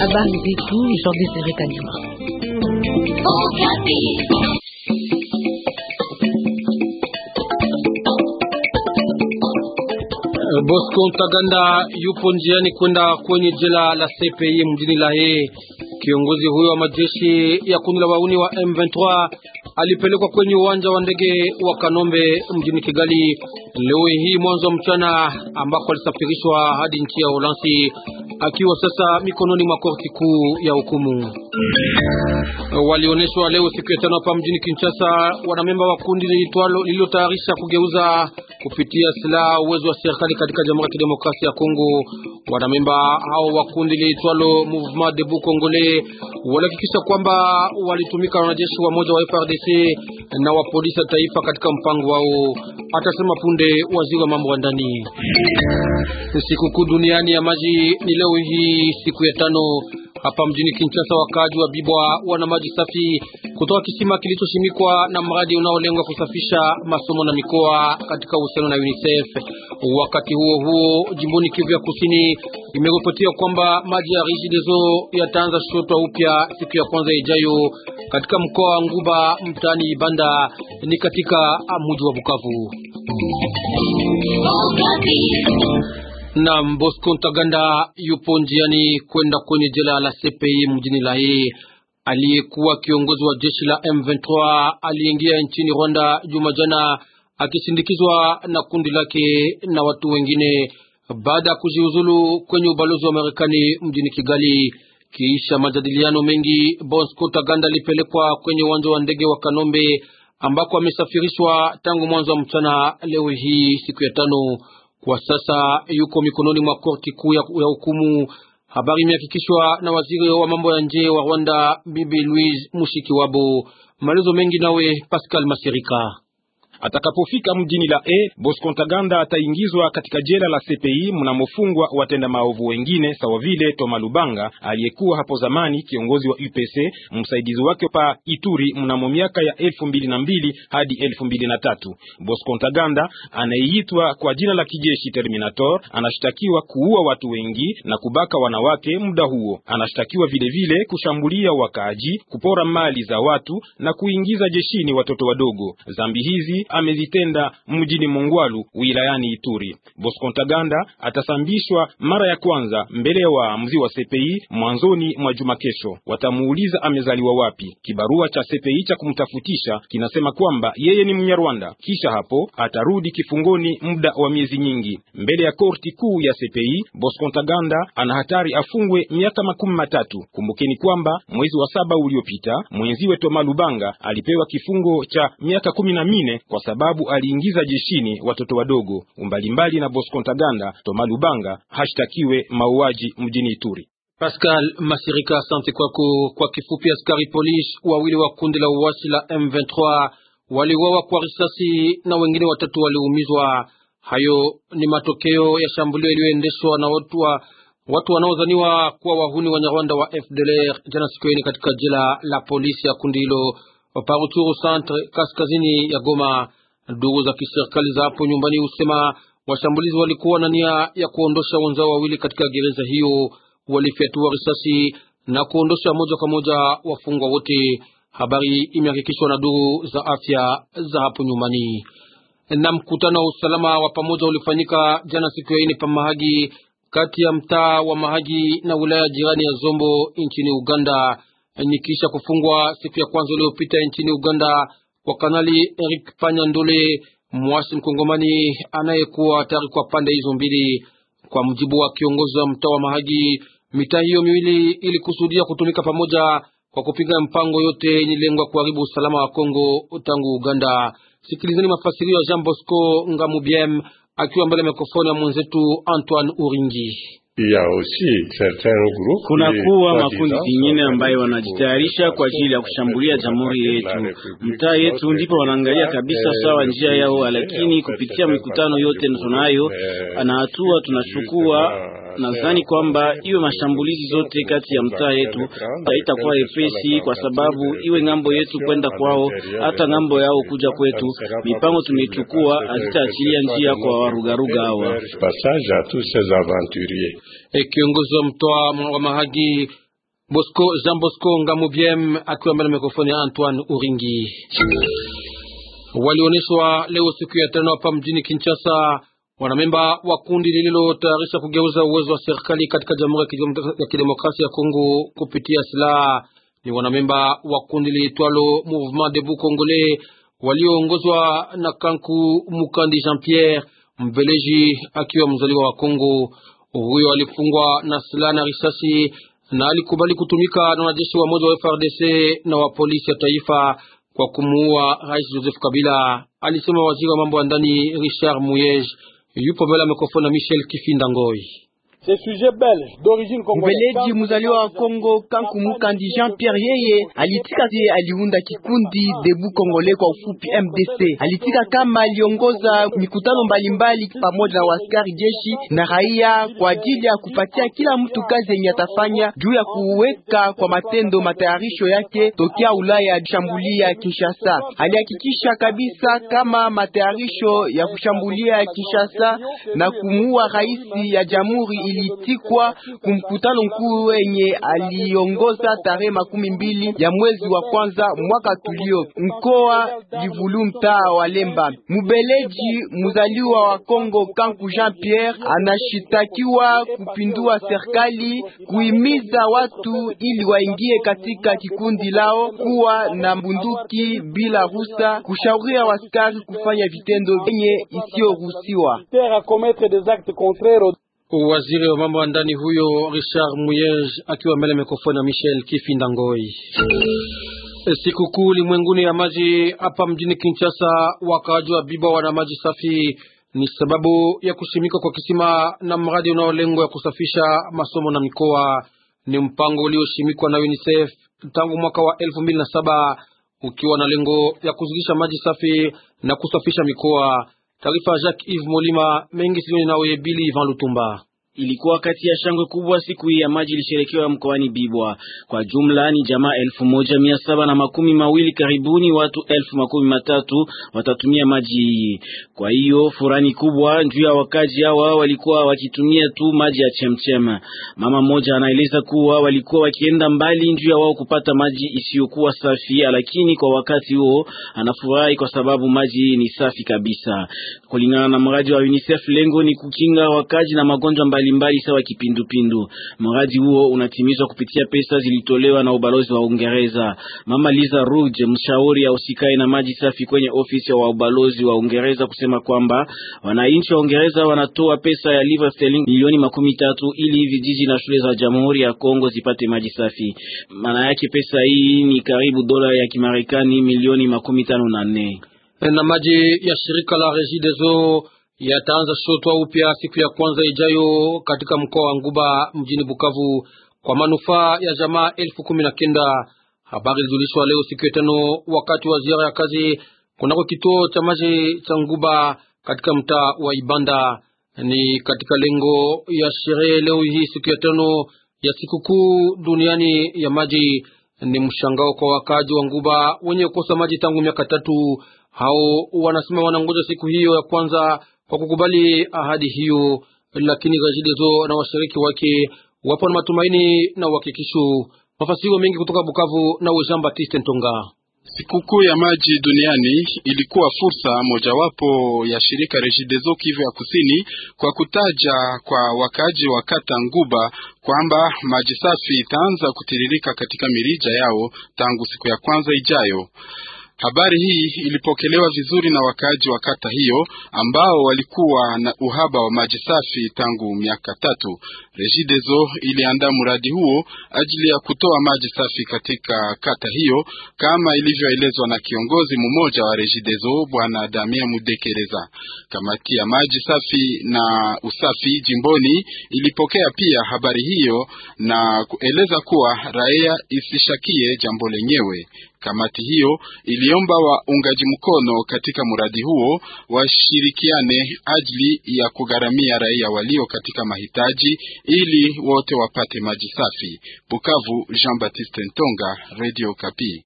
Habari zetu Jean Desire Okapi. Eh, Bosco Ntaganda yupo njiani kwenda kwenye jela la CPI mjini Lae. Kiongozi huyo wa majeshi ya kundi la wauni wa M23 alipelekwa kwenye uwanja wa ndege wa Kanombe mjini Kigali Leo hii mwanzo mchana, ambako alisafirishwa hadi nchi ya Uholanzi akiwa sasa mikononi mwa korti kuu ya hukumu. Walioneshwa leo siku ya tano hapa mjini Kinshasa wanamemba wa kundi lililotayarisha kugeuza kupitia silaha uwezo wa serikali katika Jamhuri ya Kidemokrasia ya Kongo. Wanamemba hao wa kundi liitwalo Mouvement Debout Congolais walihakikisha kwamba walitumika na wanajeshi wa moja wa FRDC na wa polisi ya taifa katika mpango wao, atasema punde waziri wa mambo ya ndani. Sikukuu duniani ya maji ni leo hii siku ya tano hapa mjini Kinshasa, wakaaji wa Bibwa wana maji safi kutoka kisima kilichoshimikwa na mradi unaolengwa kusafisha masomo na mikoa katika uhusiano na UNICEF. Wakati huo huo, jimboni Kivu ya Kusini imeripotiwa kwamba maji ya rigidezo yataanza shotwa upya siku ya kwanza ijayo katika mkoa wa Nguba mtaani Ibanda ni katika mji wa Bukavu. Oh, na Bosco Ntaganda yupo njiani kwenda kwenye jela la CPI mjini lahi Aliyekuwa kiongozi wa jeshi la M23 aliingia nchini Rwanda juma jana akisindikizwa na kundi lake na watu wengine baada ya kujiuzulu kwenye ubalozi wa Marekani mjini Kigali. Kiisha majadiliano mengi, Bosco Ntaganda alipelekwa kwenye uwanja wa ndege wa Kanombe ambako amesafirishwa tangu mwanzo wa mchana leo hii siku ya tano. Kwa sasa yuko mikononi mwa korti kuu ya hukumu. Habari imehakikishwa na waziri wa mambo ya nje wa Rwanda, Bibi Louise Mushikiwabo. Maelezo mengi nawe Pascal Masirika. Atakapofika mjini la e Boscontaganda ataingizwa katika jela la CPI mnamofungwa watenda maovu wengine sawa vile Toma Lubanga aliyekuwa hapo zamani kiongozi wa UPC msaidizi wake pa Ituri mnamo miaka ya elfu mbili na mbili hadi elfu mbili na tatu. Boscontaganda anayeitwa kwa jina la kijeshi Terminator anashtakiwa kuua watu wengi na kubaka wanawake. Muda huo anashtakiwa vilevile kushambulia wakaaji, kupora mali za watu na kuingiza jeshini watoto wadogo. Zambi hizi amezitenda mjini Mongwalu wilayani Ituri. Bosco Ntaganda atasambishwa mara ya kwanza mbele ya waamuzi wa CPI mwanzoni mwa juma kesho. Watamuuliza amezaliwa wapi. Kibarua cha CPI cha kumtafutisha kinasema kwamba yeye ni Mnyarwanda. Kisha hapo atarudi kifungoni muda wa miezi nyingi mbele ya korti kuu ya CPI. Bosco Ntaganda ana hatari afungwe miaka makumi matatu. Kumbukeni kwamba mwezi wa saba uliopita mwenziwe Toma Lubanga alipewa kifungo cha miaka kumi na kwa sababu aliingiza jeshini watoto wadogo. mbali na Bosco Ntaganda, Toma Lubanga hashtakiwe mauaji mjini Ituri. Pascal Masirika, asante kwako. Kwa kifupi, askari polisi wawili wa kundi la uasi la M23 waliuawa kwa risasi na wengine watatu waliumizwa. Hayo ni matokeo ya shambulio yaliyoendeshwa na watu wa watu wanaodhaniwa kuwa wahuni wa nyarwanda wa FDLR jana siku ya ine katika jela la polisi ya kundi hilo Paruchuru centre kaskazini ya Goma. Ndugu za kiserikali za hapo nyumbani husema washambulizi walikuwa na nia ya kuondosha wenzao wawili katika gereza hiyo, walifyatua risasi na kuondosha moja kwa moja wafungwa wote. Habari imehakikishwa na duru za afya za hapo nyumbani. Na mkutano wa usalama wa pamoja ulifanyika jana siku ya ine pa Mahagi, kati ya mtaa wa Mahagi na wilaya jirani ya Zombo nchini Uganda ni kisha kufungwa siku ya kwanza iliyopita nchini Uganda kwa Kanali Eric Panya Ndole, mwasi mkongomani anayekuwa hatari kwa pande hizo mbili. Kwa mjibu wa kiongozi wa mtaa wa Mahagi, mitaa hiyo miwili ilikusudia kutumika pamoja kwa kupinga mpango yote yenye lengo ya kuharibu usalama wa Kongo tangu Uganda. Sikilizeni mafasirio ya Jean Bosco Ngamubiem akiwa mbele ya mikrofoni ya mwenzetu Antoine Uringi. Kunakuwa makundi zingine ambayo wanajitayarisha kwa ajili ya kushambulia jamhuri yetu, mtaa yetu, ndipo wanaangalia kabisa sawa njia yao. Lakini kupitia mikutano yote tunayo na hatua tunachukua, Nadhani kwamba iwe mashambulizi zote kati ya mtaa yetu haitakuwa epesi, kwa sababu iwe ng'ambo yetu kwenda kwao, hata ng'ambo yao kuja kwetu, mipango tumechukua hazitaachilia njia kwa warugaruga hawa. E, kiongozi wa mtoa wa Mahagi Bosco Jean Bosco Ngamubiem akiwa mbele mikrofoni ya Antoine Uringi walioneshwa leo siku ya tano hapa mjini Kinshasa Wanamemba wa kundi lililotayarisha kugeuza uwezo wa serikali katika Jamhuri ya Kidemokrasia ya Kongo kupitia silaha ni wanamemba wa kundi liitwalo Mouvement Debout Congolais walioongozwa na Kanku Mukandi Jean Pierre, Mbeleji akiwa mzaliwa wa Kongo. Huyo alifungwa na silaha na risasi na alikubali kutumika na wanajeshi wa moja wa FRDC na wa polisi ya taifa kwa kumuua Rais Joseph Kabila, alisema waziri wa mambo ya ndani Richard Muyej yupo mbele ya mikrofoni Michel Kifinda Ngoi mubeleji muzaliwa wa Kongo mukandi Jean-Pierre yeye alitika zi aliunda kikundi Debu Kongole kwa ufupi MDC. Alitika kama aliongoza mikutano mbalimbali pamoja na waskari jeshi na raia kwa ajili ya kupatia kila mtu kazi yenye atafanya juu ya kuweka kwa matendo matayarisho yake tokea Ulaya kushambulia Kinshasa. Alihakikisha kabisa kama matayarisho ya kushambulia Kinshasa na kumuua rais ya jamhuri ulitikwa kumkutano mkuu wenye aliongoza tarehe makumi mbili ya mwezi wa kwanza mwaka tulio mkoa Livulu, mtaa wa Lemba. Mubeleji muzaliwa wa Kongo Kanku Jean Pierre anashitakiwa kupindua serikali, kuimiza watu ili waingie katika kikundi lao, kuwa na bunduki bila rusa, kushauria waskari kufanya vitendo vyenye isiyoruhusiwa. Waziri wa mambo ya ndani huyo Richard Muyej akiwa mbele mikrofoni ya Michel kifindangoi Sikukuu limwenguni ya maji hapa mjini Kinshasa, wakaaji wa Biba wana maji safi, ni sababu ya kushimika kwa kisima na mradi unaolengwa ya kusafisha masomo na mikoa. Ni mpango ulioshimikwa na UNICEF tangu mwaka wa elfu mbili na saba ukiwa na lengo ya kuzidisha maji safi na kusafisha mikoa. Taarifa Jacques Yves Molima mengi sioni nawe Bili Van Lutumba. Ilikuwa kati ya shangwe kubwa siku hii ya maji ilisherekewa mkoani Bibwa. Kwa jumla ni jamaa elfu moja mia saba na makumi mawili karibuni watu elfu makumi matatu watatumia maji hii. Kwa hiyo furani kubwa juu ya wakaji hawa walikuwa wakitumia tu maji ya chemchem. Mama mmoja anaeleza kuwa walikuwa wakienda mbali juu ya wao kupata maji isiyokuwa safi, lakini kwa wakati huo anafurahi kwa sababu maji ni safi kabisa. Kulingana na mradi wa UNICEF, lengo ni kukinga wakaji na magonjwa mbali mbalimbali sawa kipindupindu. Mradi huo unatimizwa kupitia pesa zilitolewa na ubalozi wa Uingereza. Mama Liza Ruge, mshauri ya usikae na maji safi kwenye ofisi ya wa ubalozi wa Uingereza, kusema kwamba wananchi wa Uingereza wanatoa pesa ya livre sterling milioni makumi tatu ili vijiji na shule za Jamhuri ya Kongo zipate maji safi. Maana yake pesa hii ni karibu dola ya Kimarekani milioni makumi tano na nne na maji ya shirika la Regideso yataanza shotwa upya siku ya kwanza ijayo katika mkoa wa Nguba mjini Bukavu kwa manufaa ya jamaa elfu kumi na kenda. Habari ilijulishwa leo siku ya tano wakati wa ziara ya kazi kunako kituo cha maji cha Nguba katika mtaa wa Ibanda. Ni katika lengo ya sherehe leo hii siku ya tano ya sikukuu duniani ya maji. Ni mshangao kwa wakaaji wa Nguba wenye kukosa maji tangu miaka tatu. Hao wanasema wanangoja siku hiyo ya kwanza kwa kukubali ahadi hiyo, lakini Regideso na washiriki wake wapo na matumaini na uhakikisho. Mafasirio mengi kutoka Bukavu na Jean Baptiste Ntonga. Sikukuu ya maji duniani ilikuwa fursa mojawapo ya shirika Regideso Kivu ya Kusini kwa kutaja kwa wakaaji wa kata Nguba kwamba maji safi itaanza kutiririka katika mirija yao tangu siku ya kwanza ijayo. Habari hii ilipokelewa vizuri na wakaaji wa kata hiyo ambao walikuwa na uhaba wa maji safi tangu miaka tatu. Regideso iliandaa mradi huo ajili ya kutoa maji safi katika kata hiyo kama ilivyoelezwa na kiongozi mmoja wa Regideso Bwana Damia Mudekereza. Kamati ya maji safi na usafi jimboni ilipokea pia habari hiyo na kueleza kuwa raia isishakie jambo lenyewe. Kamati hiyo iliomba waungaji mkono katika mradi huo washirikiane ajili ya kugharamia raia walio katika mahitaji ili wote wapate maji safi. Bukavu, Jean Baptiste Ntonga, Radio Kapi.